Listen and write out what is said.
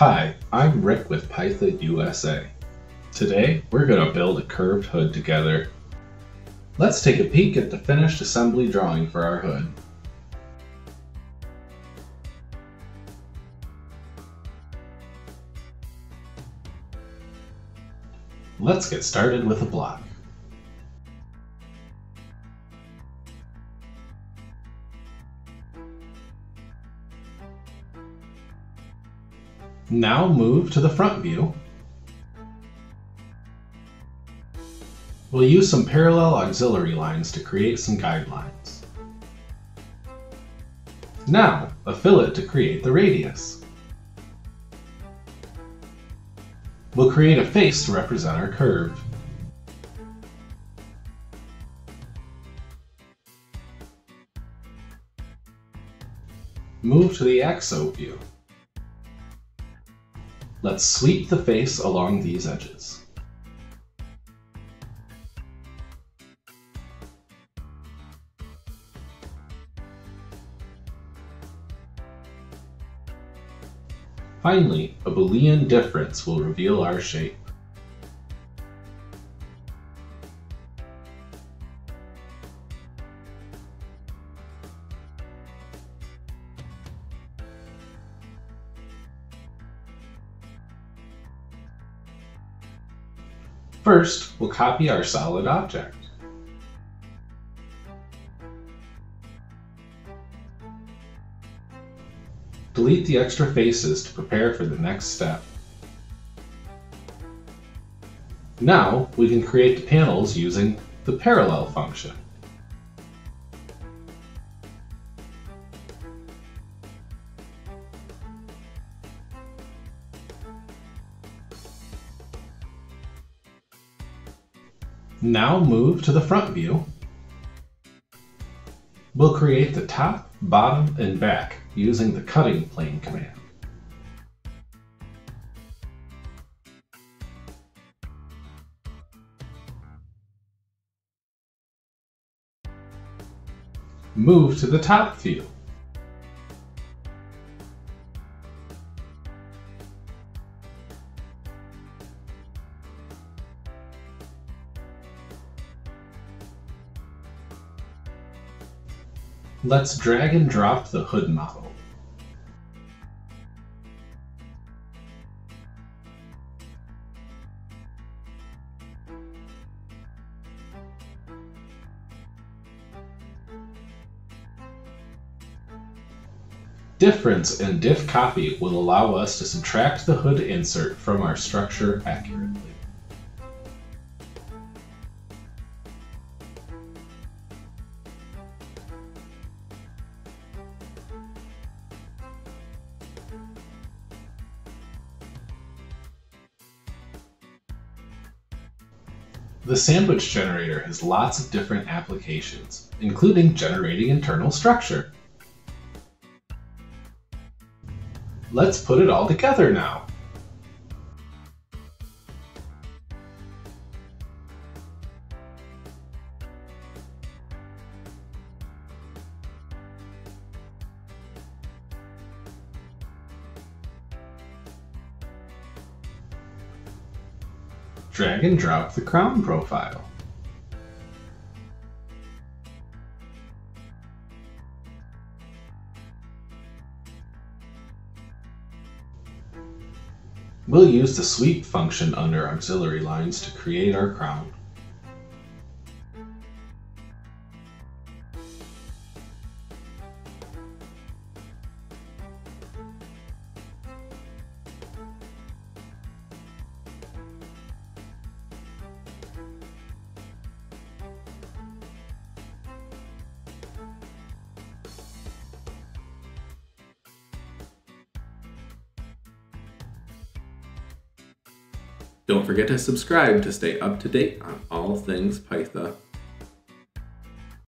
Hi, I'm Rick with Pytha USA. Today, we're going to build a curved hood together. Let's take a peek at the finished assembly drawing for our hood. Let's get started with a block. Now move to the front view. We'll use some parallel auxiliary lines to create some guidelines. Now, a fillet to create the radius. We'll create a face to represent our curve. Move to the axo view. Let's sweep the face along these edges. Finally, a Boolean difference will reveal our shape. First, we'll copy our solid object. Delete the extra faces to prepare for the next step. Now, we can create the panels using the parallel function. Now move to the front view. We'll create the top, bottom, and back using the cutting plane command. Move to the top view. Let's drag and drop the hood model. Difference and diff copy will allow us to subtract the hood insert from our structure accurately. The sandwich generator has lots of different applications, including generating internal structure. Let's put it all together now. drag and drop the crown profile. We'll use the sweep function under auxiliary lines to create our crown. Don't forget to subscribe to stay up to date on all things Pytha.